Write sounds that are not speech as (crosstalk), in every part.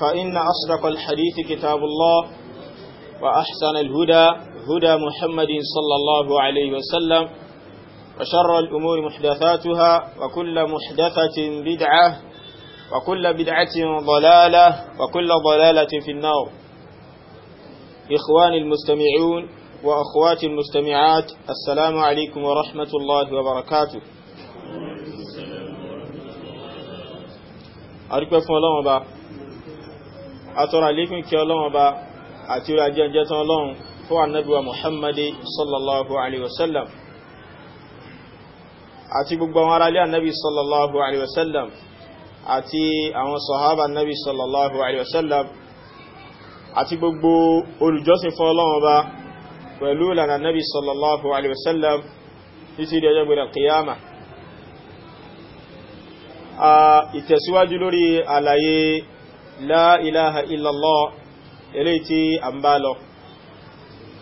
فإن أصدق الحديث كتاب الله وأحسن الهدى هدى محمد صلى الله عليه وسلم وشر الأمور محدثاتها وكل محدثة بدعة وكل بدعة ضلالة وكل ضلالة في النار إخواني المستمعون وأخواتي المستمعات السلام عليكم ورحمة الله وبركاته أرجو فلان atọ́rọ àlékún kí ọlọ́run ọba àti orí ajé ọjọ́ tán ọlọ́run fún ànábíwa muhammadi sallallahu alaihi wasallam àti gbogbo àwọn aráalé ànábí sallallahu alaihi wasallam àti àwọn sọ̀hábà ànábí sallallahu alaihi wasallam àti gbogbo olùjọ́sìn fún ọlọ́run ọba pẹ̀lú ìlànà ànábí sallallahu alaihi wasallam títí di ọjọ́ gbẹ̀rẹ̀ kìyàmà ìtẹ̀síwájú lórí àlàyé la ilaha illallah eléyìí tí a ń bá lọ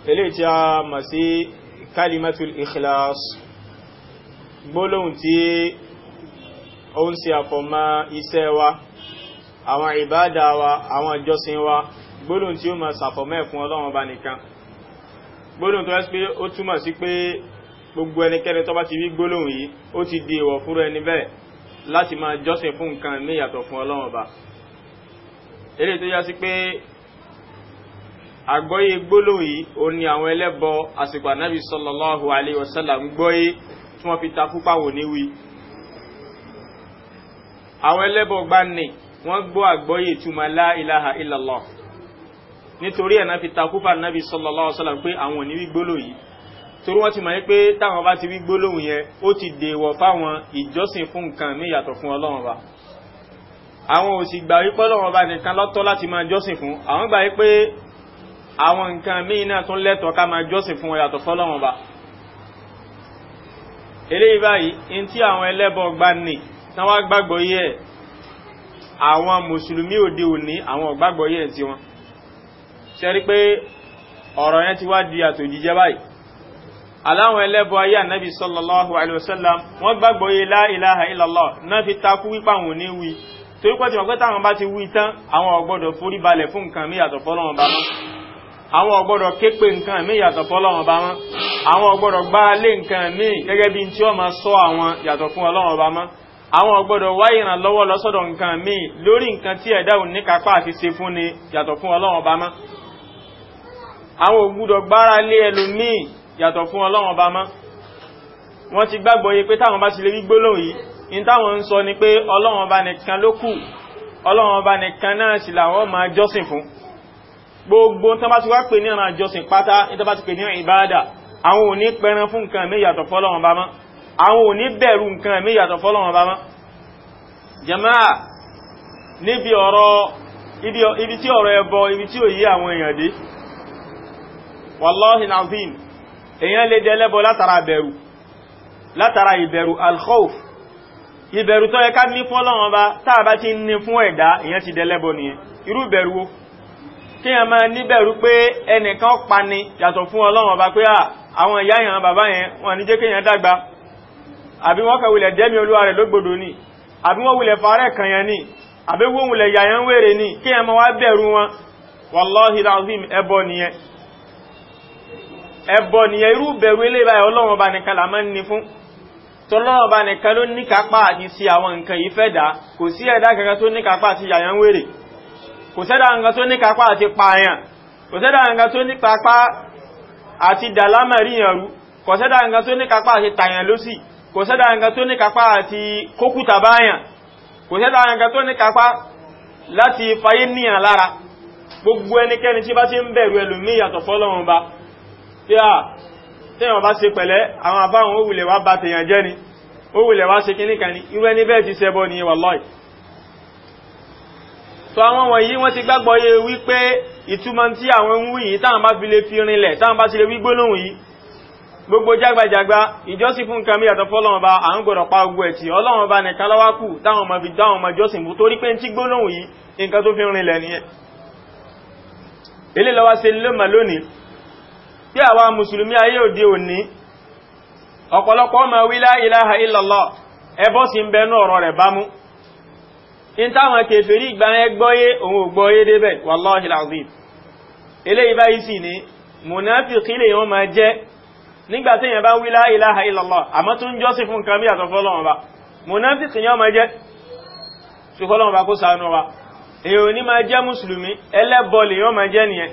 eléyìí tí a mọ̀ sí kalimatul ikhlas gbólóhùn tí ó ń ṣe àfọ̀mọ́ iṣẹ́ wa àwọn ìbádà wa àwọn ìjọsìn wa gbólóhùn tí ó mọ̀ sàfọ̀mọ́ ẹ̀fún ọlọ́run bá nìkan gbólóhùn tó pé ó túmọ̀ sí pé gbogbo ẹnikẹ́ni tó bá ti wí gbólóhùn yìí ó ti di èèwọ̀ fúnra ẹni bẹ́ẹ̀ láti máa jọ́sìn fún nǹkan ní ìyàtọ̀ fún ọlọ́run bá eré tó yá sí pé àgbọ́yé gbólóhùn yìí ó ní àwọn ẹlẹ́bọ àsìkò ànábì sallallahu alaihi wasallam ń gbọ́yé tí wọ́n fi ta fúpá wò níwí àwọn ẹlẹ́bọ gbá ní wọ́n gbọ́ àgbọ́yé ìtumọ̀ la ilaha illallah nítorí ẹ̀nà fi ta fúpá ànábì sallallahu alaihi wasallam pé àwọn ò ní wí gbólóhùn yìí torí wọ́n ti mọ̀ pé táwọn bá ti wí gbólóhùn yẹn ó ti dèèwọ̀ fáwọn ìjọsìn fún nǹkan mí yàtọ̀ fún ọlọ́run àwọn ò sì gbà wípé Ọlọ́run ọba nìkan lọ́tọ́ láti máa jọ́sìn fún àwọn gbà wípé àwọn nǹkan míì náà tún lẹ́tọ̀ọ́ ká máa jọ́sìn fún ọ̀yàtọ̀ fọ́lọ́run ọba eléyìí báyìí ntí àwọn ẹlẹ́bọ gbà ní tán wá gbàgbọ́ yé ẹ̀ àwọn mùsùlùmí òde òní àwọn ògbàgbọ́ yé ẹ̀ tí wọn ṣe rí pé ọ̀rọ̀ yẹn ti wá di àtòjíjẹ báyìí aláwọn ẹlẹ́bọ ayé ànábì sallallahu alaihi wasallam wọ́n gbàgbọ́ yé la ilaha illallah náà fi takú wípé àwọn ní wí torí pé tìmọ̀ pé táwọn bá ti wí tán àwọn ọ̀gbọ́dọ̀ forí balẹ̀ fún nǹkan mí yàtọ̀ fọ́lọ́wọ́n bá wọn àwọn ọ̀gbọ́dọ̀ ké pé nǹkan mí yàtọ̀ fọ́lọ́wọ́n bá wọn àwọn ọ̀gbọ́dọ̀ gbára lé nǹkan mí gẹ́gẹ́ bí tí wọ́n máa sọ àwọn yàtọ̀ fún ọlọ́wọ́n bá wọn àwọn ọ̀gbọ́dọ̀ wá ìrànlọ́wọ́ lọ́sọ̀dọ̀ nǹkan mí lórí nǹkan tí ẹ̀dá ò ní kápá àti ṣe fún ni yàtọ̀ fún ọlọ́wọ́n bá wọn àwọn ògbúdọ̀ gbára lé ẹlòmíì yàtọ̀ fún ọlọ́wọ́n bá wọn wọ́n ti gbàgbọ́ yé pé táwọn bá ti lè rí gbólóhùn yìí in táwọn ń sọ ni pé ọlọ́wọ́n bá nìkan ló kù ọlọ́wọ́n bá nìkan náà sì làwọn máa jọ́sìn fún gbogbo tó bá ti wá pè ní ọ̀nà àjọsìn pátá tó bá ti pè ní ìbáadà àwọn ò ní pẹran fún nǹkan mí yàtọ̀ fọ́lọ́wọ́n bá mọ́ al-khawf ìbẹ̀rù tó yẹ ká ní fún Ọlọ́run Ọba tàbá ti ní fún ẹ̀dá ìyẹn ti dẹlẹ́bọ nìyẹn irú ìbẹ̀rù wo kí a máa níbẹ̀rù pé ẹnìkan pani yàtọ̀ fún Ọlọ́run Ọba pé ah, àwọn ìyá yẹn bàbá yẹn wọn ní jẹ́ kéèyàn dàgbà àbí wọ́n kẹwulẹ̀ dẹ́mi olúwa rẹ̀ lógbòdò ní àbí wọ́n wulẹ̀ fàárẹ̀ kan yẹn ní àbí wọ́n wulẹ̀ yà yẹn wèrè ní kí a máa wá bẹ̀rù wọn wàláhì láàzím ẹbọ nìyẹn ẹbọ nìyẹn irú bẹ̀rù eléyìí báyìí Ọlọ́run Ọba nìkan là ní fún tọ́lọ́wọ́ bá nìkan ló ní kápá àti sí àwọn nǹkan yìí fẹ́ dá kò sí ẹ̀dá kankan tó ní kápá àti yàyàn wèrè kò sẹ́dá nǹkan tó ní kápá àti pààyàn kò sẹ́dá nǹkan tó ní kápá àti dàlámẹ̀ríyàn rú kò sẹ́dá nǹkan tó ní kápá àti tàyàn lọ́sì kò sẹ́dá nǹkan tó ní kápá àti kókùtà báyàn kò sẹ́dá nǹkan tó ní kápá láti fayé níyàn lára gbogbo ẹnikẹ́ni tí bá ti ń bẹ̀rù ẹlòmíyàtọ̀ fọ́lọ́run ba tẹ́yàn bá ṣe pẹ̀lẹ́ àwọn àbáwọn òwúlẹ̀ wá bá tèyàn jẹ́ ni òwúlẹ̀ wá ṣe kíníkà ni irú ẹni bẹ́ẹ̀ ti ṣẹbọ ni wallahi so àwọn wọ̀nyí wọ́n ti gbàgbọ́ yé wípé ìtumọ̀ tí àwọn ń wí yìí táwọn bá fi lè fi rinlẹ̀ táwọn bá ti lè wí gbólóhùn yìí gbogbo jágbàjàgbà ìjọsìn fún nǹkan mìíràn fọ́ ọlọ́run ọba à ń gbọ́dọ̀ pa ogun ẹ̀tì bí àwa mùsùlùmí ayé òde òní ọ̀pọ̀lọpọ̀ ma wí la ilaha illallah ẹbọ sí ń bẹnú ọ̀rọ̀ rẹ̀ bámú in táwọn kèfèrí ìgbà ẹ gbọ́yé òun ò gbọ́yé débẹ̀ wallahi alazim eléyìí báyìí sì ni mùnáfíkí lè wọ́n máa jẹ́ nígbà tí èèyàn bá wí la ilaha illallah àmọ́ tún jọ́sìn fún nǹkan bí àtọ́fọ́lọ́wọ́n bá mùnáfíkí ni jẹ́ nìyẹn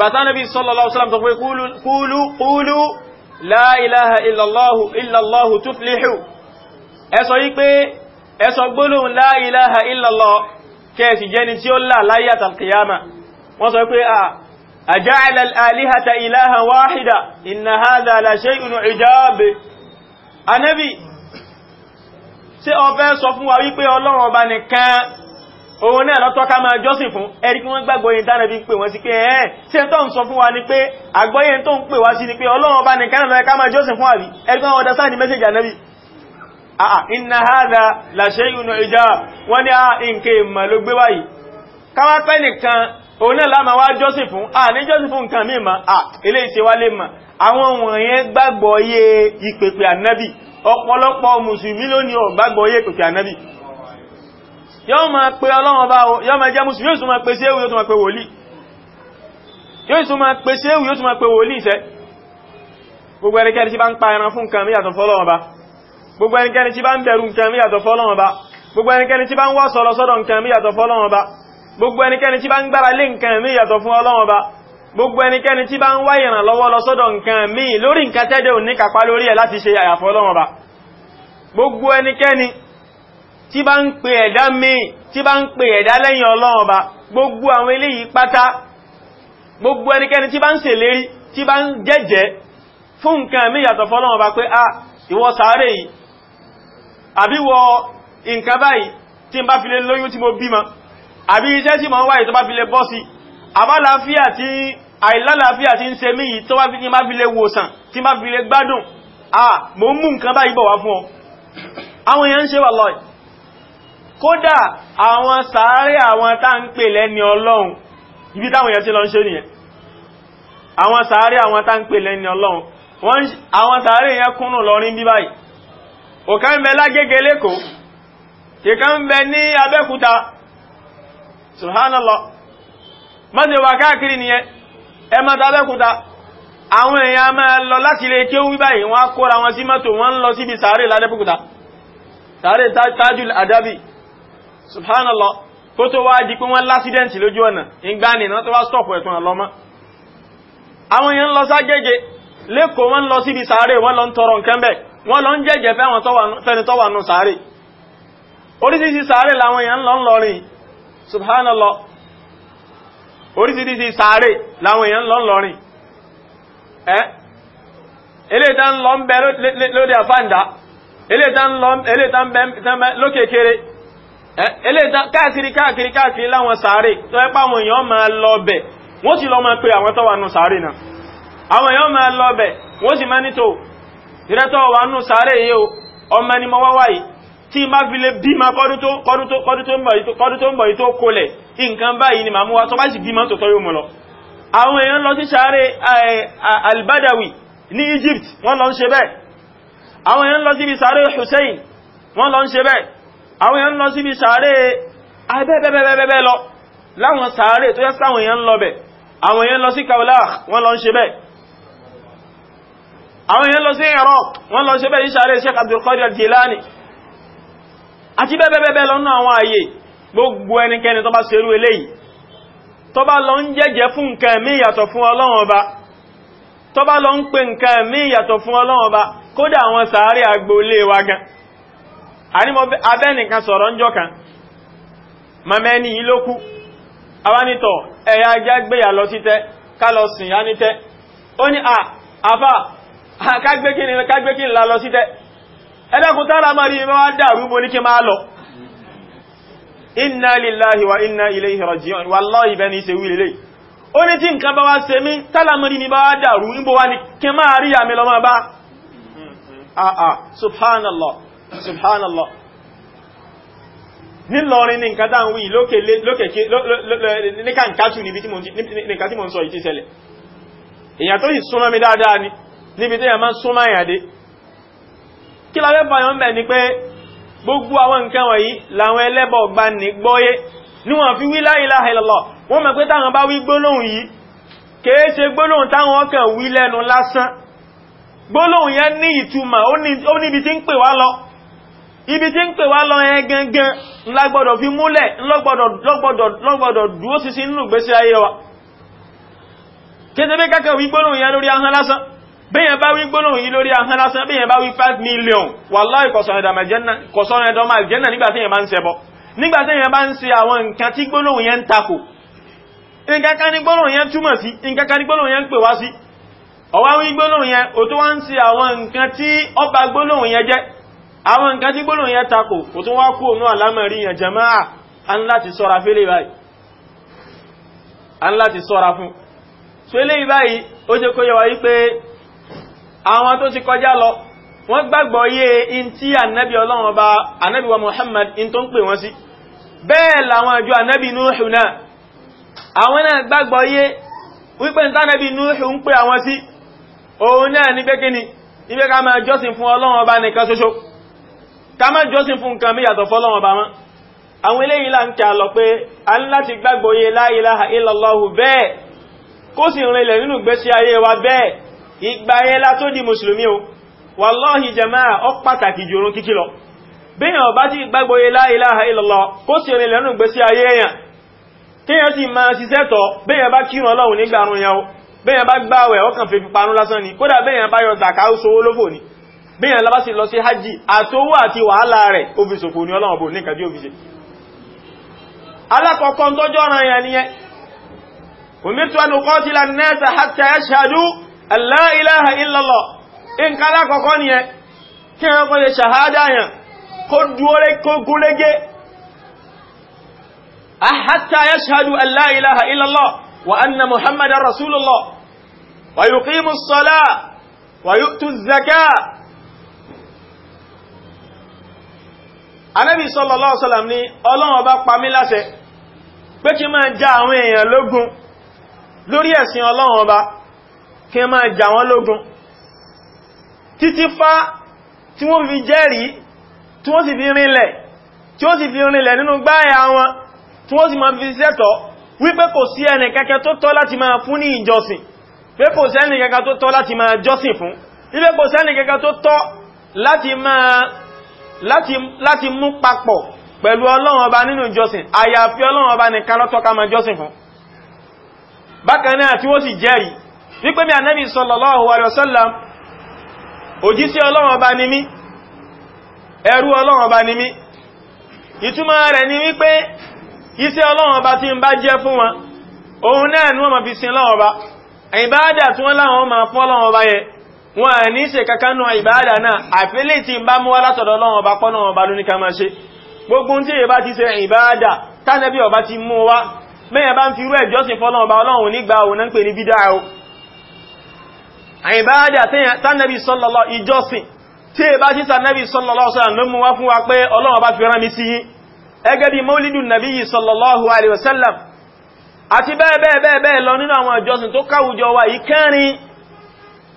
bàtà nàbí sallallahu alaihi wasallam tó pé kúlù kúlù la ilaha illallahu illallahu tuflihu ẹsọ yí pé ẹsọ gbólóhùn la ilaha illallah kẹsì jẹni tí ó là láyàtà kìyàmà wọ́n sọ pé a ah, aja'ala al-alihata ilahan wahida inna hadha la shay'un 'ijab Ànábì ṣé òun náà lọ́tọ́ ká máa jọ́sìn fún ẹ̀rí kí wọ́n gbàgbọ́ yẹn dára bí ń pè wọ́n sí pé ẹ̀ẹ́ ṣe tó ń sọ fún wa ní pé àgbọ́yẹn tó ń pè wá sí ni pé ọlọ́run bá nìkan lọ́ẹ ká máa jọ́sìn fún àrí ẹ̀rí a nǹkan ìmọ̀ ló gbé wáyìí ká wá pẹ́ nìkan òun náà láma wá jọ́sìn fún à ní jọ́sìn fún nǹkan míì mà à eléyìí ṣe wá lè mà àwọn wọ̀nyẹn gbàgbọ́ yé ìpèpè ànábì yóò máa pe ọlọ́wọ́n bá o yóò máa jẹ́ mùsùlùmí yóò tún máa pe séwù yóò tún máa pe wòlíì yóò tún máa pe séwù yóò tún máa pe wòlíì sẹ́ gbogbo ẹnikẹ́ni tí bá ń pa ẹran fún nǹkan míyàtọ̀ fọ́lọ́wọ́n bá gbogbo ẹnikẹ́ni tí bá ń bẹ̀rù nǹkan míyàtọ̀ fọ́lọ́wọ́n bá gbogbo ẹnikẹ́ni tí bá ń wá sọ̀rọ̀ sọ́dọ̀ nǹkan míyàtọ̀ fọ́lọ́wọ́n bá gbogbo ẹnikẹ́ni tí bá ń gbára lé nǹkan míyàtọ̀ fún ọlọ́wọ́n bá gbogbo ẹnikẹ́ni tí bá ń wá ìrànlọ́wọ́ lọ sọ́dọ̀ nǹkan míì lórí nǹkan tẹ́dẹ̀ ò kàpá lórí ẹ̀ láti ṣe àyàfọ́ ọlọ́wọ́n bá gbogbo ẹnikẹ́ni tí bá ń pè ẹ̀dá míì tí bá ń pè ẹ̀dá lẹ́yìn ọlọ́run ọba gbogbo àwọn eléyìí pátá gbogbo ẹnikẹ́ni tí bá ń ṣèlérí tí bá ń jẹ́jẹ́ fún nǹkan mí yàtọ̀ fọ́lọ́run ọba pé ah ìwọ sàárè yìí àbí wọ nǹkan báyìí tí mo bímọ àbí iṣẹ́ tí mo ń wáyé tó bá fi lè bọ́ sí àbálàáfíà tí àìlálàáfíà tí ń ṣe mí yìí tó bá fi lè wòsàn ah, àwọn èèyàn ń ṣe wà lọ́yìí kódà àwọn sàárè àwọn tá ń pè lẹ́ni ọlọ́run ibi táwọn èèyàn sí lọ ń ṣe nìyẹn àwọn sàárè àwọn tá ń pè lẹ́ni ọlọ́run àwọn sàárè yẹn kúnnù lọrin bí báyìí òkà ń bẹ lágége lẹ́kọ̀ọ́ kìkà ń bẹ ní abẹ́kúta subhanallah mọ́sẹ̀ wà káàkiri nìyẹn ẹ má ta abẹ́kúta àwọn èèyàn máa lọ láti lè kéwú bí báyìí wọ́n á kóra wọn sí mọ́tò wọ́n ń lọ síbi sàárè ládẹ́bùkúta sàárè tájù àdábì subhanallah kó tó wá di pé wọ́n lásídẹ̀ntì lójú ọ̀nà ìgbà nìna tó wá stọ̀pù ẹ̀tún àlọ́mọ́ àwọn èèyàn lọ ságẹ́gẹ́ lẹ́kọ̀ọ́ wọ́n lọ síbi sàárè wọ́n lọ ń tọrọ nǹkan bẹ̀ wọ́n lọ ń jẹ́jẹ́ fẹ́ni tọ́wà nù sàárè oríṣiríṣi sàárè làwọn èèyàn lọ ń lọ rìn subhanallah oríṣiríṣi sàárè làwọn èèyàn lọ ń lọ rìn ẹ́ eléta ń lọ ń bẹ lóde eléta káàkiri káàkiri káàkiri láwọn sàárè tó ẹ pàwọn èèyàn máa lọ bẹ̀ wọ́n sì lọ máa pe àwọn tó wà nù sàárè náà àwọn èèyàn máa lọ bẹ̀ wọ́n sì máa nítò ìrẹ́tọ̀ wà nù sàárè yìí o ọmọ ni mo wá wáyìí tí n bá fi lè bímọ kọ́dún tó kọ́dún tó kọ́dún tó ń bọ̀ yìí kọ́dún tó ń bọ̀ yìí tó kólẹ̀ albadawi ní Egypt wọ́n lọ ń ṣe bẹ́ẹ̀ àwọn èèyàn lọ sí Hussein wọ́n lọ ń àwọn èèyàn lọ síbi sàárè abẹ́bẹ́bẹ́bẹ́ lọ láwọn sàárè tó yẹ́ sáwọn èèyàn lọ bẹ̀ àwọn èèyàn lọ sí kaula wọ́n lọ ń ṣe bẹ́ àwọn èèyàn lọ sí Iraq wọ́n lọ ṣe bẹ́ ní sàárè Sheikh Abdul Qadir Jilani àti bẹ́bẹ́bẹ́bẹ́ lọ nú àwọn ààyè gbogbo ẹnikẹ́ni tó bá serú eléyìí tó bá lọ ń jẹ́jẹ́ fún nǹkan mí yàtọ̀ fún Ọlọ́run Ọba tó bá lọ àrímọ̀ abẹ́nìkan sọ̀rọ̀ ń jọkan mamẹ́ni ilókú awánitọ̀ ẹ̀yà ajá gbéyà lọ títẹ́ kálọ sìn yá nítẹ́ ó ní à àfà kágbékí ńlá lọ títẹ́ ẹ̀dẹ́kùn tára máa rí mẹ́wàá dàrú mo ní kí máa lọ inna lillahi wa inna ilayhi raji'un wallahi bẹ́ni ṣe wí lélẹ̀ ó ní tí nǹkan bá wá ṣe mí tálámọ́rí mi bá wá dàrú níbo wá ní mm-hmm. ah, ah, subhanallah subhanallah nílọrin ní nǹkan dáa ń wí lókèké ní kàǹkàtù níbi tí mo ń sọ ìtí ṣẹlẹ̀ èyàn tó yìí súnmọ́ mi dáadáa ni níbi tí a máa súnmọ́ ìyàdé kí lábẹ́ báyọ̀ ń bẹ̀ ni pé gbogbo àwọn nǹkan wọ̀nyí làwọn ẹlẹ́bọ̀ ọgbà ní gbọ́yé níwọ̀n fi wí la ilaha illallah ibi tí ń pè wá lọ ẹ gangan ńlágbọ́dọ̀ fi múlẹ̀ ńlọ́gbọ́dọ̀ dúó sísí nínú gbésí ayé wa kétẹ́bé kákẹ̀ wí gbóòrùn yẹn lórí ahán lásán bíyàn bá wí gbóòrùn yìí lórí ahán lásán bíyàn bá wí 5 million wàláì kọ̀sọ̀rọ̀ ẹ̀dọ́mà àlùjànnà nígbàtí yẹn bá ń ṣẹbọ nígbàtí yẹn bá ń ṣe àwọn nǹkan tí gbóòrùn yẹn ń takò nǹkankan ní gbóòrùn yẹn túmọ̀ sí àwọn nǹkan tí gbóòrùn yẹn takò kò tún wá kú òun àlámọ̀rí yẹn jẹmáà a ń láti sọ́ra fẹ́lẹ̀ báyìí a ń láti sọ́ra fún fẹ́lẹ̀ báyìí ó jẹ́ kó yé wípé àwọn tó ti kọjá lọ wọ́n gbàgbọ́ yé in tí ànábì ọlọ́run ọba Muhammad in tó ń pè wọ́n sí bẹ́ẹ̀ làwọn àjọ ànábì Nuhu náà àwọn náà gbàgbọ́ yé wípé ìtànábì Nuhu ń pè àwọn sí òun náà ní pé kíni ibẹ́ ká máa jọ́sìn fún ọlọ́run ọba nìkan ṣoṣo ká má jọ́sìn fún nǹkan bí yàtọ̀ fọ́lọ́wọ́n bá mọ́ àwọn eléyìí là ń kí a lọ pé a ń láti gbàgbọ́ yé la ilaha illallahu bẹ́ẹ̀ kó sì rinlẹ̀ nínú ìgbésí ayé wa bẹ́ẹ̀ ìgbà yẹn la tó di mùsùlùmí o wàláhì jàmáà ó pàtàkì jù orun kíkí lọ béèyàn bá ti gbàgbọ́ yé la ilaha illallah kó sì rinlẹ̀ nínú ìgbésí bí yàn lábá sí lọ sí hajj àtowó àti wàhálà rẹ̀ ó fi sòfò ní ọlọ́wọ̀n bò ní kàdí òfìsè alákọ̀ọ́kọ́ tọ́jọ́ ọ̀ràn yà níyẹn umirtu an uqatila an Allah nǹkan alákọ̀ọ́kọ́ nìyẹn kí wọ́n kọ́ lè ṣàhádà yàn kó dúóré kó gúrégé Allah wa anna muhammadan rasulullah wa yuqimu as-salata wa yu'tu az anábì sallallahu alaihi wasallam ní ọlọ́run ọba pa mí láṣẹ pé kí máa já àwọn èèyàn lógun lórí ẹ̀sìn ọlọ́run ọba kí máa já wọn lógun títí fá tí wọ́n fi jẹ́rìí tí wọ́n sì fi rinlẹ̀ tí ó sì fi rinlẹ̀ nínú gbáyà wọn tí wọ́n sì máa fi sẹ́tọ̀ wípé kò sí ẹnì kẹ́kẹ́ tó tọ́ láti máa fún ní ìjọsìn pé kò láti mú papọ̀ pẹ̀lú ọlọ́run ọba nínú ìjọsìn àyàfi ọlọ́run ọba nìkan ló tọ́ ká máa jọ́sìn fún bákan náà tí ó sì jẹ́rì wípé mi ànábì sallallahu alaihi wasallam òjíṣẹ́ ọlọ́run ọba ni mí ẹrú ọlọ́run ọba ni mí ìtumọ̀ rẹ̀ ni wípé iṣẹ́ ọlọ́run ọba tí ń bá jẹ́ fún wọn òun náà ni wọ́n máa fi sin ọlọ́run ọba ìbáadà tí wọ́n láwọn máa fún ọlọ́run ọba yẹn wọn ní ṣe kankan náà ìbáadà náà àfílẹ̀ tí bá mú wá látọ̀dọ̀ lọ́wọ́ ọba pọ́nà ọba ló ní ká máa ṣe gbogbo tí èyí bá ti ṣe ìbáadà tánẹ́bí ọba ti mú wá mẹ́yàn bá ń fi rú ẹ̀jọ́sìn fọ́lọ́wọ́ ọba ọlọ́run nígbà òun náà ń pè ní bídá o ìbáadà tánẹ́bí sọ́lọ́lọ́ ìjọ́sìn tí èyí bá ti tánẹ́bí sọ́lọ́lọ́ sọ́lọ́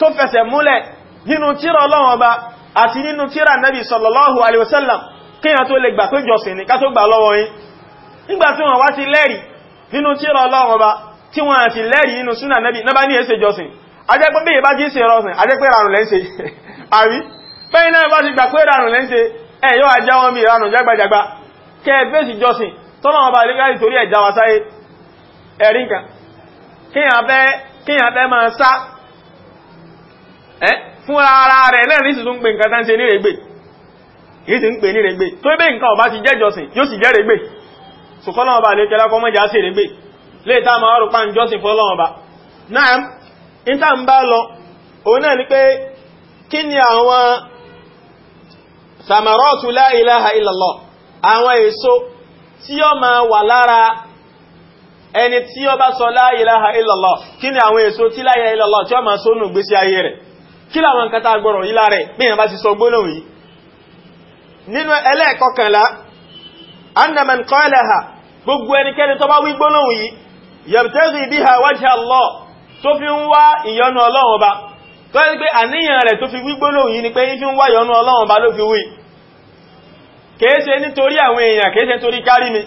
tó fẹsẹ̀ múlẹ̀ nínú tírà Ọlọ́run Ọba àti nínú tírà Nabi sallallahu alaihi wasallam kíyàn tó lè gbà pé jọsìn ní ká tó gbà lọ́wọ́ yín nígbà tí wọ́n wá ti lẹ́rì nínú tírà Ọlọ́run Nabi náà bá ní èsè jọsìn ajẹ́pẹ́ bí ìbá jí ṣe rọsìn ajẹ́pẹ́ ràrùn lẹ́ńṣe (laughs) àrí pẹ́yìn náà bá ti gbà pé ràrùn lẹ́ńṣe ẹ̀ yóò ajá wọn bí ìranù jágbàjàgbà kẹ́ẹ̀bẹ́sì jọsìn tọ́lọ́wọ́n bá lè gáyì torí ẹ̀já fúnra ara rẹ̀ lẹ́rin sì tún pè nǹkan tán ṣe ní rẹ̀gbẹ̀ yìí sì tó bẹ́ nǹkan ọba ti jẹ́jọsìn yóò sì jẹ́ rẹ̀gbẹ̀ sùkọ́lọ́wọ́ bá lè kẹ́lá kọ́mọ́ sí rẹ̀gbẹ̀ lè tá ma ọrùn pa ìjọsìn fọ́lọ́wọ́ bá ni kí ni àwọn la ilaha èso tí ó ma tí ó bá sọ la ilaha illallah kí ni àwọn èso tí ayé kí làwọn nǹkan tá gbọ́rọ̀ yí láàrẹ̀ mìíràn bá ti sọ gbónáwò yìí nínú ẹlẹ́ẹ̀kọkànlá annaman qalaha gbogbo ẹnikẹ́ni tó bá wí gbónáwò yìí yabtaghi biha wajha Allah tó fi ń wá ìyọ́nú Ọlọ́run Ọba tó yẹ pé àníyàn rẹ̀ fi ni pé ń wá ìyọ́nú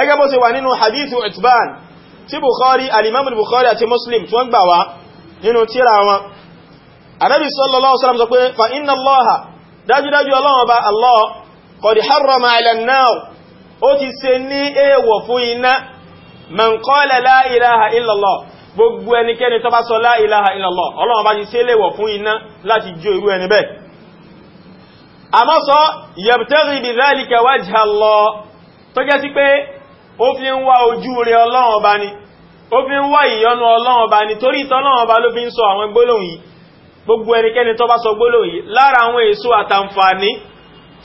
ẹgẹ́ bó ṣe wà nínú hadithu itban tí bukhari alimam bukhari àti muslim tí wọ́n gbà wá nínú tírà wọn anábi sallallahu alaihi wasallam sọ pé fa inna allaha dájúdájú ọlọ́wọ́ bá allah qad harrama ala an ó ti ṣe ní èèwọ̀ fún iná man qala la illallah gbogbo ẹnikẹ́ni tó bá bá sọ yabtaghi ó fi ń wá ojú rẹ ọlọ́run ọba ni ó fi ń wá ìyọnu ọlọ́run ọba ni torí ìtọ́lọ́run ọba ló fi ń sọ àwọn gbólóhùn yìí gbogbo ẹnikẹ́ni tó bá sọ gbólóhùn yìí lára àwọn èso àtàǹfààní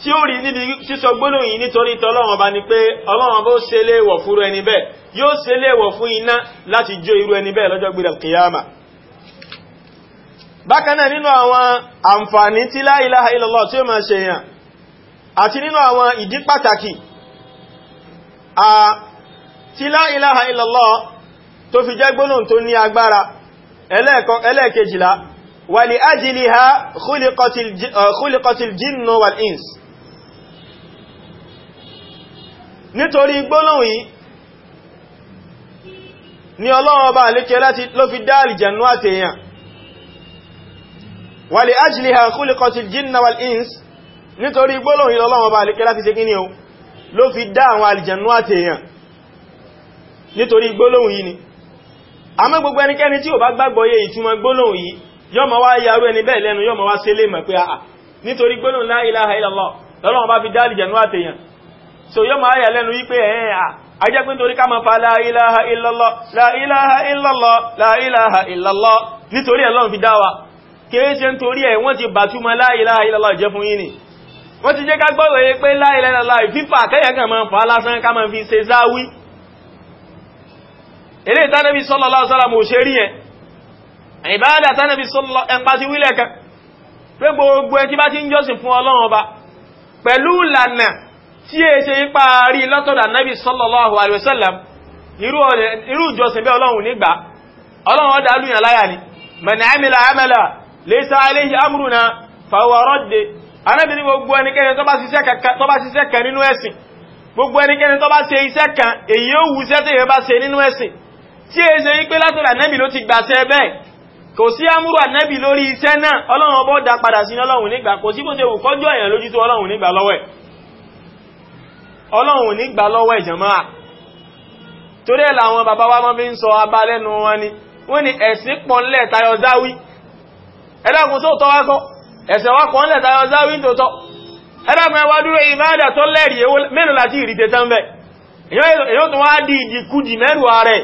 tí ó rí níbi sísọ gbólóhùn yìí nítorí ìtọ́lọ́run ọba ni pé ọlọ́run ọba ó ṣe léèwọ̀ fúru ẹni bẹ́ẹ̀ yóò ṣe léèwọ̀ fún iná láti jó irú ẹni bẹ́ẹ̀ lọ́jọ́ gbéra kìyàmà la ilaha illallah tí ó máa ṣe yàn àti nínú àwọn ìdí pàtàkì tí la ilaha illallah tó fi jẹ́ gbónà tó ní agbára ẹlẹ́ẹ̀kejìlá wà lè ájìlì ha khuliqatil jinnu wal ins nítorí gbónà yìí ni ọlọ́wọ́ bá lékẹ́ láti ló fi dá àlìjànú àtèyàn wà lè ájìlì ha khuliqatil jinnu wal ins nítorí gbónà yìí ọlọ́wọ́ bá láti ṣe kí ni o ló fi dá àwọn àlìjànú àtèyàn nítorí gbólóhùn yìí ni àmọ́ gbogbo ẹnikẹ́ni tí ò bá gbàgbọ́ yé ìtumọ̀ gbólóhùn yìí yóò máa wá yarú ẹni bẹ́ẹ̀ lẹ́nu yóò máa wá sí ilé mọ̀ pé àà ah, ah, nítorí gbólóhùn la ilaha illallah lọ́lọ́wọ́n bá fi dáàlì jẹ̀nú àtèyàn so yóò máa yà lẹ́nu wípé ẹ̀ẹ́ eh, à eh, ajẹ́ ah, pé la ilaha illallah la ilaha la ilaha illallah nítorí ẹ̀ lọ́n fi dá wa kìí ṣe nítorí ẹ̀ wọ́n ti la ilaha illallah jẹ́ fún yín ni wọ́n ti jẹ́ ká la ilaha illallah ìfífà kẹ́yẹ̀ kan máa fà á lásán ilé ìtànàbí sallallahu alaihi wasallam ṣe rí yẹn ìbáadà tànàbí sallallahu ẹ̀pá ti wílẹ̀ kan pé gbogbo ẹ tí bá ti ń jọ́sìn fún ọlọ́run ọba pẹ̀lú ìlànà tí è ṣe ipa rí lọ́tọ̀dà nàbí sallallahu alaihi wasallam irú ìjọsìn bẹ́ ọlọ́run nígbà ọlọ́run ọdá lùyàn láyà ni man amila amala laysa alayhi amruna fahuwa radd arábìnrin gbogbo ẹnikẹ́ni tó bá ṣiṣẹ́ kan nínú ẹ̀sìn gbogbo ẹnikẹ́ni tó bá ṣe iṣẹ́ kan èyí ó wù iṣẹ́ tó bá ṣe nínú ẹ̀sìn tí è ṣe wípé látọ̀dọ̀ ànẹ́bì ló ti gbàṣẹ bẹ́ẹ̀ kò sí àmúrò ànẹ́bì lórí iṣẹ́ náà ọlọ́run ọbọ̀ dá padà sí ọlọ́run nígbà kò sí bó ṣe wù kọjọ́ èèyàn lójú tó ọlọ́run nígbà lọ́wọ́ ẹ̀ ọlọ́run nígbà lọ́wọ́ ẹ̀ jàmáà torí ẹ̀ làwọn bàbá wa mọ́ fi ń sọ abálẹ́nu wọn ni wọ́n ni ẹ̀sìn pọ̀nlẹ̀ tayọ záwí ẹ̀dàkùn tó tọ́ wákọ́ ẹ̀sẹ̀ wá pọ̀nlẹ̀ tayọ záwí tó tọ́ ẹ̀dàkùn ẹwà mẹ́rù ààrẹ̀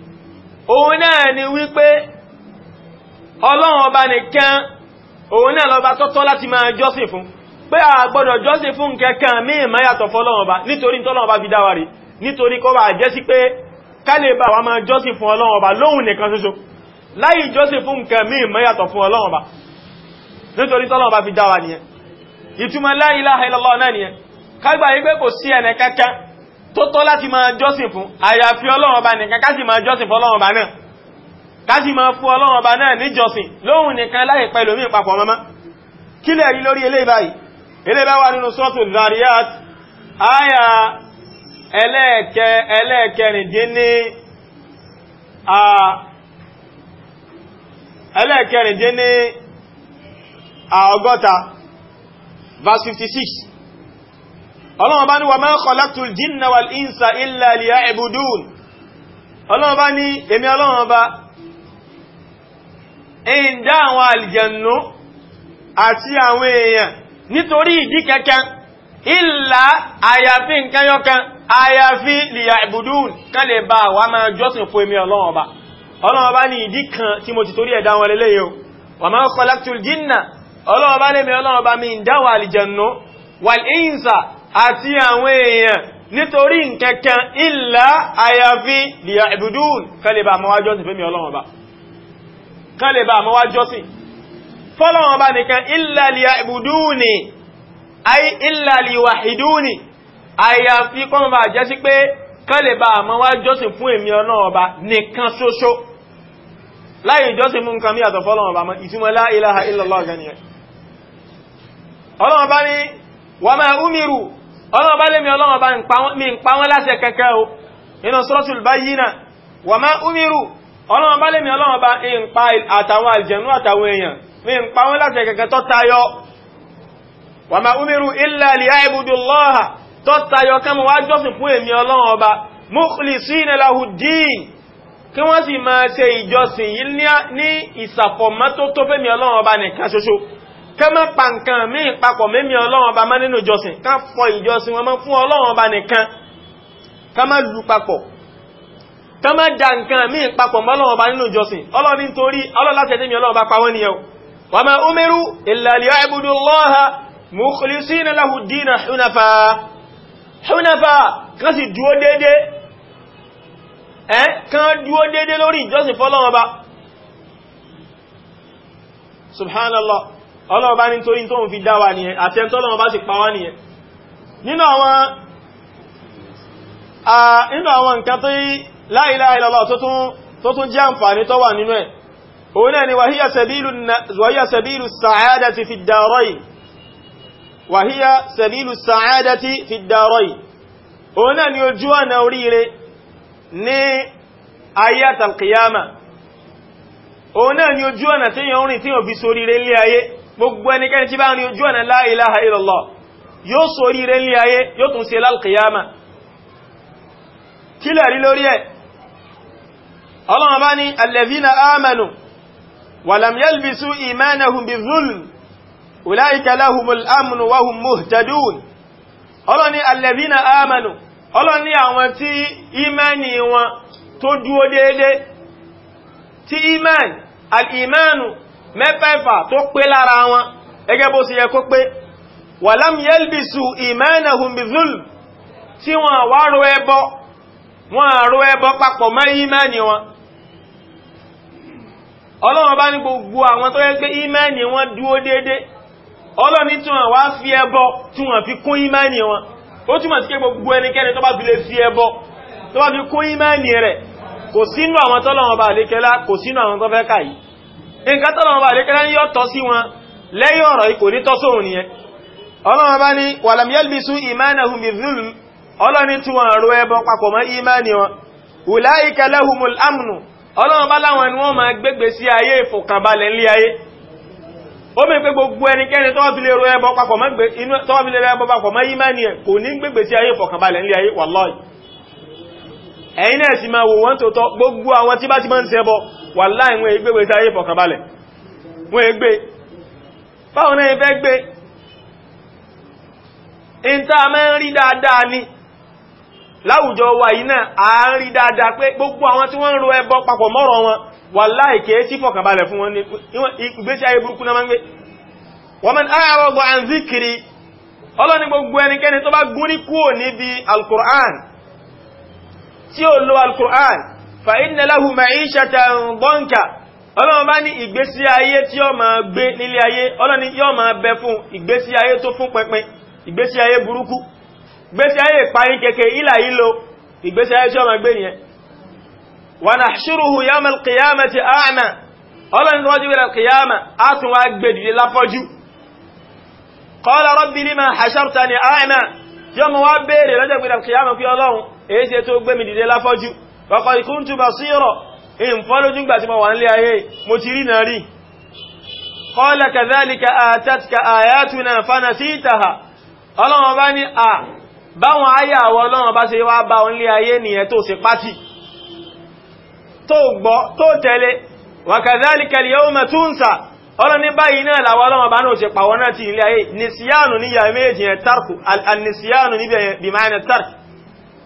òun náà ni wípé ọlọ́run ọba nìkan òun náà lọ́ba tọ́tọ́ láti máa jọ́sìn fún pé a gbọ́dọ̀ jọ́sìn fún kẹkàn míì má yàtọ̀ fọ́lọ́run ọba nítorí tọ́lọ́run ọba fi dáwàrí nítorí kọ́ bá jẹ́ sí pé kálẹ̀bà wa máa jọ́sìn fún ọlọ́run ọba lóhun nìkan ṣoṣo láì jọ́sìn fún nǹkan míì má yàtọ̀ fún ọlọ́run ọba nítorí tọ́lọ́run ọba fi dáwà la ilaha illallah náà nìyẹn kágbà yí pé kò sí tó tọ́ láti máa jọ́sìn fún àyàfi ọlọ́run ọba nìkan ká sì máa jọ́sìn fún ọlọ́run ọba náà ká sì máa fún ọlọ́run ọba náà níjọsìn lóhun nìkan láì pẹ̀lú mí papọ̀ mọ́mọ́ kí lẹ̀ rí lórí eléyìí 56 ọlọ́wọ́ bá ní wa ma khalaqtul jinna wal insa illa liya'budun ọlọ́wọ́ bá ní èmi ọlọ́wọ́ bá in dá àwọn àlìjẹ̀nú àti àwọn èèyàn nítorí ìdí kankan illa àyàfi nǹkan yọkan àyàfi liya'budun kan lè bá wà máa jọ́sìn fún èmi ọlọ́wọ́ bá ọlọ́wọ́ bá ní ìdí kan tí mo ti torí ẹ̀dá wọn lélẹ́yìn àti àwọn èèyàn nítorí nkẹkẹn ìlà àyàfi lìyà ìbùdún kẹlẹ̀bà àmọ́wájọ́sìn fẹ́mi ọlọ́wọ́ba kẹlẹ̀bà àmọ́wájọ́sìn fọ́lọ́wọ́ba nìkan ìlà lìyà ìbùdún ni ay ìlà lìwàhìdún ni àyàfi kọ́mọba jẹ́ sí pé kẹlẹ̀bà àmọ́wájọ́sìn fún èmi ọlọ́wọ́ba wa ma umiru ọlọ́run bá lémi ọlọ́run bá mi ń pa wọ́n láṣẹ kẹ́kẹ́ o inú suratul bayyina wa ma umiru ọlọ́run bá lémi ọlọ́run bá ń pa àtàwọn àlìjẹ̀nú àtàwọn èèyàn mi ń pa wọ́n láṣẹ kẹ́kẹ́ tó tayọ wa ma umiru illa liya'budu Allaha tó tayọ kẹ́mọ̀ wá jọ́sìn fún èmi ọlọ́run kí wọ́n sì máa ṣe ìjọsìn yìí ní ìsàfọ̀mọ́tótó fẹ́mi ọlọ́run ọba nìkan ṣoṣo ká má pa nǹkan mí papọ̀ mẹ́mí ọlọ́run ọba má nínú ìjọsìn ká fọ ìjọsìn wọn mọ́ fún ọlọ́run ọba nìkan ká má lù papọ̀ ká má da nǹkan mí papọ̀ mọ́ ọlọ́run ọba nínú ìjọsìn ọlọ́run nítorí ọlọ́run láti ẹ̀dẹ́mi ọlọ́run ọba pa wọ́n nìyẹn wa ma umiru illa liya'budullaha mukhlisina lahu dina hunafa hunafa kan sì dúó déédéé ẹ́ kan dúó déédéé lórí ìjọsìn fọ́lọ́run ọba subhanallah ọlọ́run bá ní torí tóun fi dá wa nìyẹn àti ẹni tọ́lọ́run bá sì pa wá nìyẹn nínú àwọn nínú àwọn nǹkan tó yí la ilaha illallah tó tún jẹ́ àǹfààní tó wà nínú ẹ̀ òun náà ni wàhíyà sẹ̀bílù sàádàtì fi dárọ́ì wàhíyà sẹ̀bílù sàádàtì fi dárọ́ì òun náà ni ojú ọ̀nà tí yọ orin tí yọ fi sóríire lé ayé gbogbo ẹnikẹ́ni tí bá ń rí ojú ọ̀nà la ilaha illallah yóò sórí rẹ̀ ní ayé yóò tún ṣe lálkìyàmà kí lẹ̀rí lórí ẹ̀ ọlọ́run bá ní alladhina amanu wa lam yalbisu imanahum bizulm ulaika lahumul amnu wa hum muhtadun al-ìmánu mẹ́fẹ́fà tó pé lára wọn gẹ́gẹ́ bó ṣe yẹ kó pé walam yalbisu imanahum bizulm tí wọ́n wá ro ẹbọ wọ́n ro ẹbọ papọ̀ mọ́ ìmánì wọn ọlọ́run bá ní gbogbo àwọn tó yẹ pé ìmánì wọn dúó déédé ọlọ́ni tí wọ́n wá fi ẹbọ tí wọ́n fi kún ìmánì wọn ó túnmọ̀ sí pé gbogbo ẹnikẹ́ni tó bá fi lè fi ẹbọ tó bá fi kún ìmánì rẹ̀ kò sínú àwọn tọ́lọ́run bá lékẹ́lá kò sínú àwọn tó káyìí nǹkan ọba àríkẹ́lá ní ya ọtọ si wọn lẹ́yìn ọ̀rọ̀ ikò ní tọ́ sóhun nìyẹn ọlọ́run bá walam yalbisu imanahum bizulm ọlọ́ni tí wọ́n rọ ẹbọ papọ̀ mọ́ imani wọn amnu ọlọ́run bá láwọn ni wọ́n máa gbégbé sí ayé ìfọ̀kànbalẹ̀ ní ayé ó mẹ́ gbogbo ẹnikẹ́ni tọ́wọ́ fi lè rọ papọ̀ wàláì wọ́n ègbé wé sáyé fọ̀kànbalẹ̀ wọ́n ègbé gbe. náà fẹ́ gbé in tá a mẹ́ rí dáadáa ní láwùjọ wa yìí náà a rí dáadáa pé gbogbo àwọn tí wọ́n ro ẹbọ papọ̀ mọ́rọ̀ wọn wàláì kèé sí fọ̀kànbalẹ̀ fún wọn ní ìgbésí gbogbo tí ó lo fa inna lahu ma'ishatan dọ́nkà ọlọ́run bá ní ìgbésí ayé tí ó máa gbé nílé ayé ọlọ́run yóò máa bẹ fún ìgbésí ayé tó fún pẹpẹ ìgbésí ayé burúkú ìgbésí ayé ìparí kẹkẹ ìlà ìlò ìgbésí ayé tí ó máa gbé nìyẹn wa nahshuruhu yawmal qiyamati a'ma ọlọ́run al-qiyama ọlọ́run waqad kuntu basira in fọ́lójú ìgbà tí mo wà nílé ayé mo ti rí náà rí qala kadhalika atatka ayatuna fanasitaha ọlọ́wọ́n bá ní à báwọn ayé àwọn ọlọ́wọ́n bá ṣe wá bá wọn lé ayé nìyẹn tó ṣe pátì tó gbọ́ tó tẹ̀lé wa kadhalika al-yawma tunsa ọlọ́ni ọlọ́wọ́n bá náà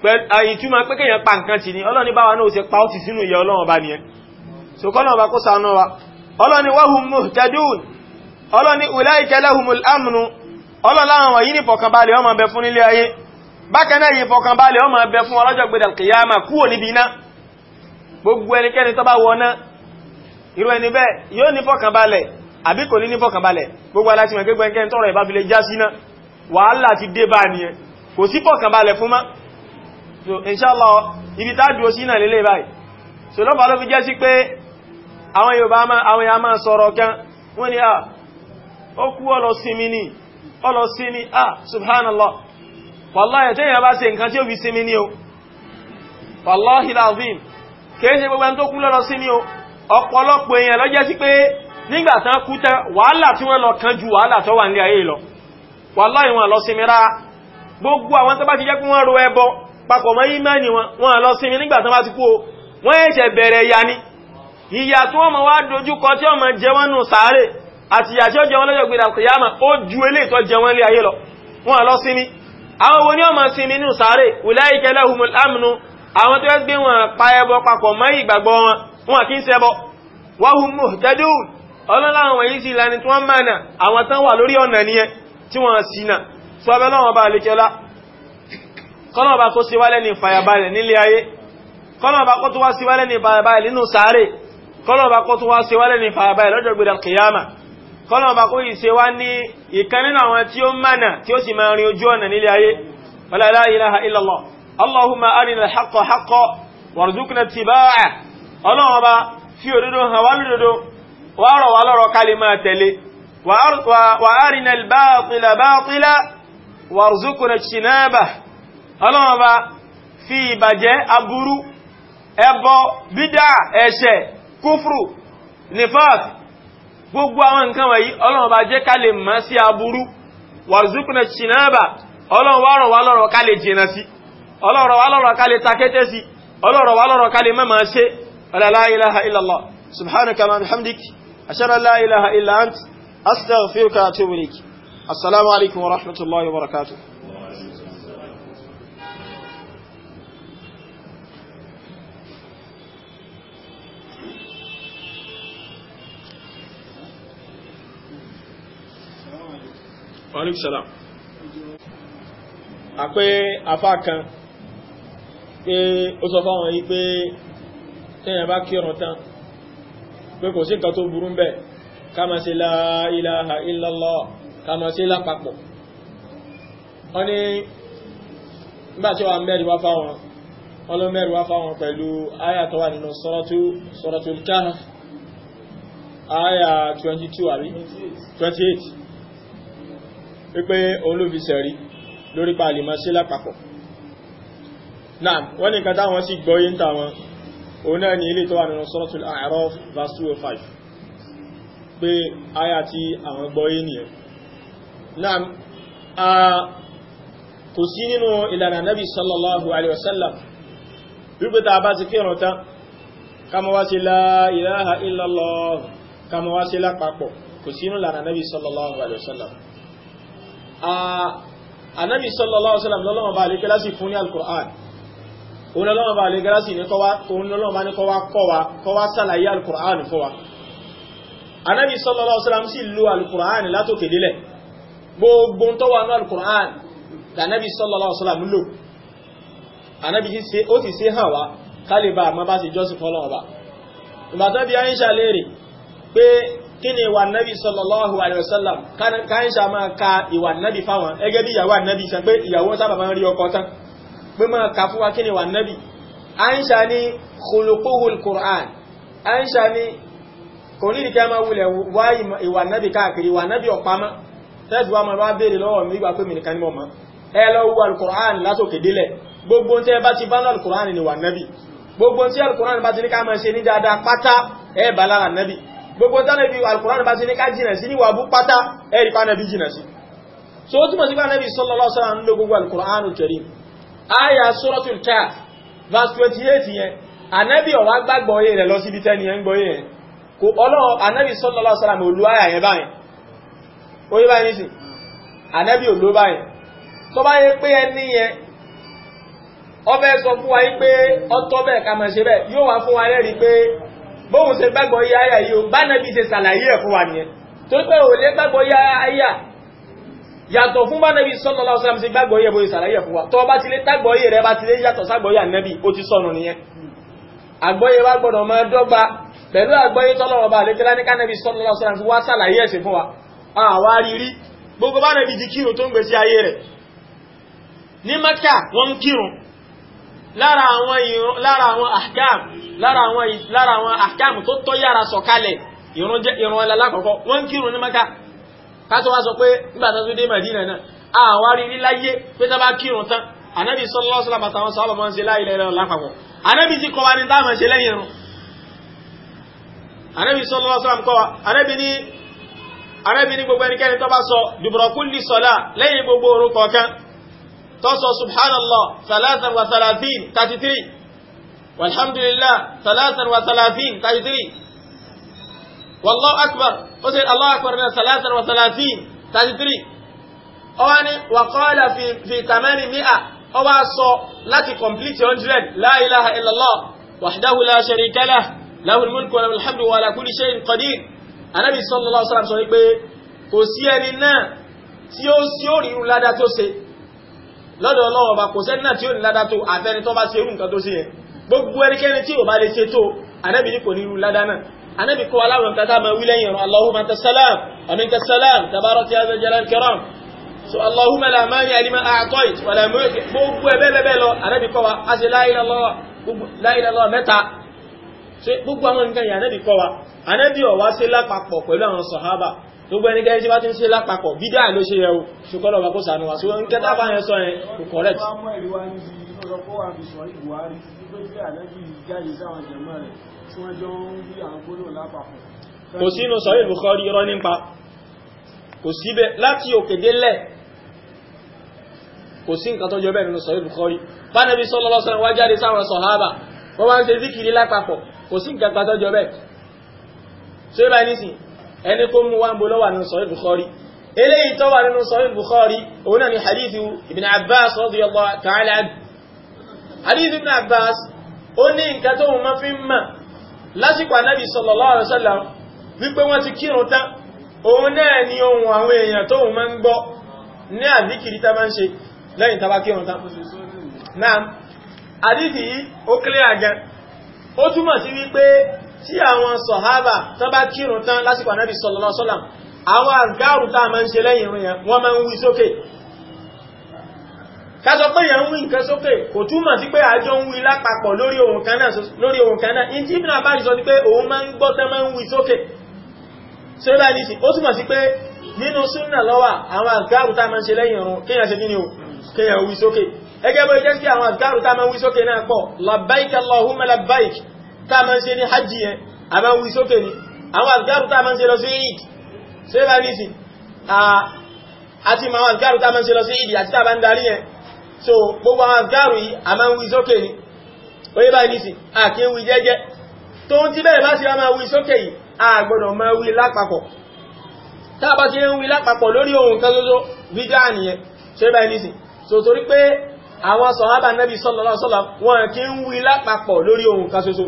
Uh, ìtumọ̀ pé kéèyàn pa nǹkan tì ní ọlọ́ni báwa náà ṣe pa ó ti sínú ìyà ọlọ́run ọba nìyẹn so kọ́nà ọba kó nọ wa ọlọ́ni wahum muhtadun ọlọ́ni ulaika lahumul amnu ọlọ́láwọn wọ̀nyí ní fọkànbalẹ̀ ọmọ bẹ fún nílé ayé bákan náà yìí fọkànbalẹ̀ ọmọ bẹ fún ọlọ́jọ́ gbẹ̀dẹ̀ kìyàmà kúrò níbi iná gbogbo so inshallah ibi tá dúró sí náà lélẹ̀ báyìí so lọ́pàá ló fi jẹ́ sí pé àwọn Yorùbá àwọn èèyàn máa sọ̀rọ̀ kan wọ́n ni a ó kú ọlọ sinmi ni ọlọ sinmi ah subhanallah tí èèyàn bá nǹkan tí ó fi o wàláhì láàzim kìí ṣe gbogbo ẹni o ọ̀pọ̀lọpọ̀ èèyàn ló jẹ́ sí pé nígbà gbogbo àwọn tó bá ti papọ̀ mọ́ ìmánì wọn wọ́n lọ sinmi nígbà tán bá ti kú o wọ́n ẹ̀ṣẹ̀ bẹ̀rẹ̀ ìyà ni ìyà tí wọ́n mọ̀ wá dojúkọ tí ọmọ jẹ wọ́n nù sàárè àti ìyà tí ó jẹ wọ́n lọ́jọ́ gbé dàkú yàmà ó ju eléyìí tó jẹ wọ́n lé ayé ni ọmọ sinmi nù sàárè ulaika lahumul amnu àwọn tó gbé wọn wa hum muhtadun ọlọ́láwọn wọ̀nyí sí ìlànà tí wọ́n mọ̀nà àwọn tán wà lórí ọ̀nà nìyẹn tí wọ́n sì kọ́nà bá kó síwálẹ̀ ní ìfàyàbalẹ̀ nílé ayé kọ́nà bá kó tó wá síwálẹ̀ ní ìfàyàbalẹ̀ nínú sáré kọ́nà bá kó tó wá síwálẹ̀ ní ìfàyàbalẹ̀ lọ́jọ́ gbèrè kìyàmà kọ́nà bá kó ìṣe wá ní ìkan nínú àwọn tí ó mánà tí ó sì máa rin ojú ọ̀nà nílé ayé wala la ilaha illallah allahumma arina al-haqqa ọlọ́run bá fi ìbàjẹ́ aburú ẹbọ bídá ẹ̀ṣẹ̀ kúfrù nifas gbogbo àwọn nǹkan wọ̀nyí ọlọ́run bá jẹ́ ká lè mọ̀ sí aburú wàrùzúkúnà ṣìnàbà ọlọ́run wá rọ̀ wá lọ́rọ̀ ká lè jìnà sí ọlọ́rọ̀ wá lọ́rọ̀ ká lè takété sí ọlọ́rọ̀ wá lọ́rọ̀ ká lè mẹ́màá ṣe la ilaha illallah subhanaka wa bihamdik ashhadu an la ilaha aleykum salaam àpé afá kan pé ó sọ fáwọn yìí pé tẹ́yàn bá kírun tán pé kò sí nǹkan tó burú bẹ́ẹ̀ ká máa ṣe la ilaha illallah ká máa ṣe lápapọ̀ wọ́n ní nígbà tí wọ́n mẹ́rin wá fáwọn ọlọ́mẹ́rin wá fáwọn pẹ̀lú àyà wà nínú suratu suratul 22 28 wípé olófisẹ̀ rí lórí pàlìmọ̀ sí lápapọ̀ náà wọ́n ní kàtà wọn sí gbọ́yé ń tàwọn òun náà ni ilé tó wà nínú Suratul A'raf verse 205 pé aya tí àwọn gbọ́yé nìyẹn náà a kò sí nínú ìlànà nabi sallallahu alaihi wasallam wípé ta bá ti kírun tán kama wá sí ilaha illallah kama wá sí lápapọ̀ kò sí nínú ìlànà nabi sallallahu alaihi wasallam anabi sallallahu alaihi wasallam lọ́lọ́wọ́ bá lè kẹ́lásì fún ní al-Qur'an òun lọ́lọ́wọ́ bá lè kẹ́lásì ní kọ́wá òun lọ́lọ́wọ́ bá ní kọ́wá kọ́wá kọ́wá sàlàyé al-Qur'an fún wa anabi sallallahu alaihi wasallam sì lo al-Qur'an látòkè délẹ̀ gbogbo tó wà ní al-Qur'an lànàbí sallallahu alaihi wasallam anabi ó sì ṣe hàn wá kálíbà má bá sì jọ́sìn fọ́lọ́wọ́ bá bí aisha léèrè pé kí ni ìwà nẹ́bí sallallahu alaihi wasallam káyíṣà máa ka ìwà nẹ́bí fáwọn ẹgẹ́ bí ìyàwó nẹ́bí sẹ pé ìyàwó sábà máa rí ọkọ tán pé máa ka fún wa kí ni ìwà nẹ́bí àyíṣà ni khuluquhul Qur'an àyíṣà ni kò ní ìdíkẹ́ máa wulẹ̀ wá ìwà nẹ́bí káàkiri ìwà nẹ́bí ọ̀pamọ́ tẹ́sí wa máa bá béèrè lọ́wọ́ mi ìgbà pé mi nìkan ni mo mọ̀ ẹ lọ wo alukur'an látòkè délẹ̀ gbogbo tí ẹ ti bá ní alukur'an ni wà nẹ́bí gbogbo tí alukur'an bá ti ní ká máa ṣe ní dáadáa pátá ẹ bá lára nẹ́bí gbogbo tánàbí alkùnrin bá ti ní ká jìnà sí níwà bú pátá ẹ̀rì jìnà sí so ó túnmọ̀ sí pánàbí sallallahu alaihi wasallam ń lo gbogbo alkùnrin karim aya suratul verse 28 yẹn anábì ọ̀wá gbàgbọ́ yẹ rẹ̀ lọ síbi tẹ́ni yẹn gbọ́ yẹ kò ọlọ́run anábì ọbẹ̀ sọ fún wa yí pé yóò wá fún wa bóhun ṣe gbàgbọ́ yá ayà yìí o bánàbí ṣe ṣàlàyé ẹ̀ fún wa nìyẹn tó pé ò lè gbàgbọ́ yá ayà yàtọ̀ fún bánàbí sallallahu alaihi wasallam ṣe gbàgbọ́ yẹ bóyí ṣàlàyé fún wa tó bá ti lè tágbọ́yé rẹ bá ti lè yàtọ̀ ságbọ́yé ànábì ó ti sọnù nìyẹn àgbọ́yé wa gbọ́dọ̀ máa dọ́gba pẹ̀lú àgbọ́yé tọ́lọ́rọ̀ bá lẹ́kẹ́lá ní kánàbí lára àwọn ìrun lára àwọn ahkam lára àwọn lára àwọn ahkam tó tọ́ yára sọ̀kalẹ̀ ìrun jẹ́ ìrun alálákọ̀ọ́kọ́ wọ́n ń kírun ní maka ká tó wá sọ pé nígbà tó dé Madina náà àwa rí rí láyé pé tá bá kírun tán ànábì sallallahu alaihi wasallam àtàwọn sọ́ọ́bà máa ń ṣe la ilaha illallah lápapọ̀ ànábì ti kọ́ wa ní táwọn ṣe lẹ́yìn tọ́sọ subhanallah salatan wa salatin 33 walhamdulillah salatan wa salatin 33 wallahu akbar ó sì allahu akbar náà salatan wa salatin 33 ọwá ní wàkọ́ọ̀lá fi tàmẹ́rin mi'a ọwá sọ láti complete 100 la ilaha illallah wahdahu la sharika lahu lahul mulku wa lahul hamdu wa ala kulli shay'in qadir anábì sallallahu alaihi wasallam kò sí ẹni náà tí ó sí òrìrún ládá lọ́dọ̀ Ọlọ́run ọba kò sẹ́ni náà tí ó ní ládá tó àfẹ́ni tó bá ṣe irú nǹkan tó sí yẹn gbogbo ẹnikẹ́ni tí ò bá lè ṣe tó Ànábì ní kò ní irú ládá náà Ànábì kọ́ aláwọ̀ nǹkan tá máa wí lẹ́yìn ọ̀rọ̀ Allahumma anta salam wa minka salam tabarakta ya zal jalal kiram so yẹn Ànábì kọ́ gbogbo ẹni gẹ́gẹ́ tí bá ti ń ṣe lápapọ̀ bídá ló ṣe yẹ o ṣùkọ́lọ̀ bá kó sànú wa so ń kẹta bá yẹn sọ yẹn kò correct. kò sínú sọ yìí Bukhari irọ́ nípa kò síbẹ̀ láti òkè délẹ̀ kò sí nǹkan tó jọ bẹ́ẹ̀ nínú sọ yìí Bukhari fánàbí sallallahu alaihi wasallam wá jáde sáwọn sàhábà wọ́n wá ń ṣe zikiri lápapọ̀ kò sí nǹkan tó jọ bẹ́ẹ̀ ṣé báyìí nísìnyí ẹni kó mú wá ń bo lọ́wọ́ nínú sọ̀rọ̀ Bukhari eléyìí tó wà nínú sọ̀rọ̀ Bukhari òun náà ni hadithu ibn Abbas radiyallahu ta'ala hadithu ibn Abbas ó ní nǹkan tó wọn fi ń mà lásìkò anábì sallallahu alaihi wasallam wípé wọ́n ti kírun tán òun náà ni ohun àwọn èèyàn tó wọn ó kílẹ̀ sí wípé tí àwọn sọ̀hábà tán bá kírun tán lásìkò ànábì sallallahu alaihi wasallam àwọn àgbáàrù tá a máa ń ṣe lẹ́yìn ìrun yẹn wọ́n máa ń wí sókè kásọ pé yẹn ń wí nǹkan sókè kò túmọ̀ sí pé àjọ ń wí lápapọ̀ lórí ohun kan náà lórí bá sọ ni pé òun máa ń gbọ́ tán máa ń wí sókè ṣé bá ní sí ó túmọ̀ sí pé nínú súnà lọ́wà àwọn tá a máa ń ṣe ní hajj yẹn a máa ń wí ni àwọn àgbàrù tá a máa ń ṣe lọ sí eid ṣé bá ní sí àti àwọn àgbàrù tá a máa ń ṣe lọ sí eid àti tá a bá ń darí yẹn so gbogbo àwọn àgbàrù yìí a máa ń wí sókè ni ó yé bá ní sí a kì í wí jẹ́jẹ́ tó ń tí bẹ́ẹ̀ bá ṣe máa wí sókè yìí a máa wí lápapọ̀ tá ti ń wí lápapọ̀ lórí ohun kan ṣoṣo fídíò àníyẹn ṣé bá ní sí so torí pé àwọn sọ̀hábà nẹ́bí sallallahu alaihi wasallam wọn kì í wí lápapọ̀ lórí ohun kan ṣoṣo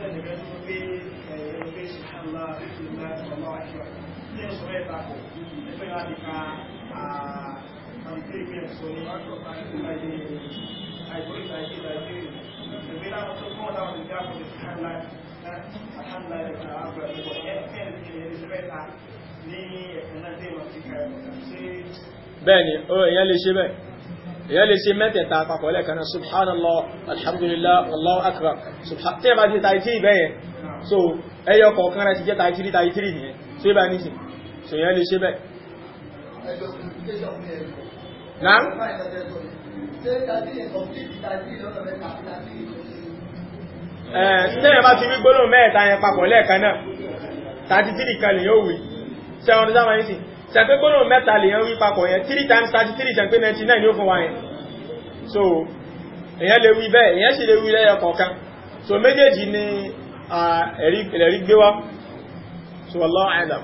sallallahu alaihi wa sallam ilé ń sọ bẹ́ẹ̀ ta kò ẹgbẹ́ láti ka àǹtí ìpín ẹ̀sọ́ ní ìdájí àìkú lè ṣe bẹ́ẹ̀ èèyàn lè ṣe mẹ́tẹ̀ẹ̀ta àpapọ̀ lẹ́ẹ̀kan subhanallah alhamdulillah wallahu akbar subhanallah tẹ́ẹ̀bá ti ta ìtí ìbẹ́yẹn so ẹyọ kọ̀ọ̀kan rẹ̀ ti jẹ́ 33 33 nìyẹn tó yẹ bá ní sìn so yẹn lè ṣe bẹ́ẹ̀ náà tẹ́yẹ̀ bá ti wí gbólóhùn mẹ́ẹ̀ta yẹn papọ̀ lẹ́ẹ̀kan náà 33 kan lè yóò wí 719 ṣẹ̀pẹ́ gbólóhùn mẹ́ta lè yẹn wí papọ̀ yẹn 3 times 33 ṣẹ̀pẹ́ 99 ni ó fún wa yẹn so èyàn lè wí bẹ́ẹ̀ èyàn sì lè wí lẹ́yọ kọ̀ọ̀kan so méjèèjì ni اريك آه، اريك جوا سو الله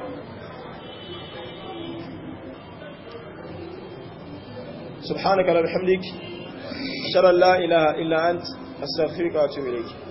سبحانك لا بحمدك اشهد ان لا اله الا انت استغفرك واتوب اليك